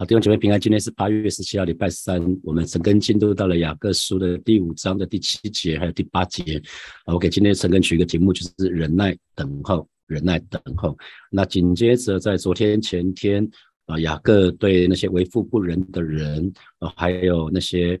好、啊，弟兄姊妹平安。今天是八月十七號，禮拜三。我們神根進度到了雅各書的第五章的第七節，還有第八節。啊，我給今天神根取一個題目，就是忍耐等候，忍耐等候。那緊接着在昨天前天，啊，雅各對那些為富不仁的人，啊，還有那些。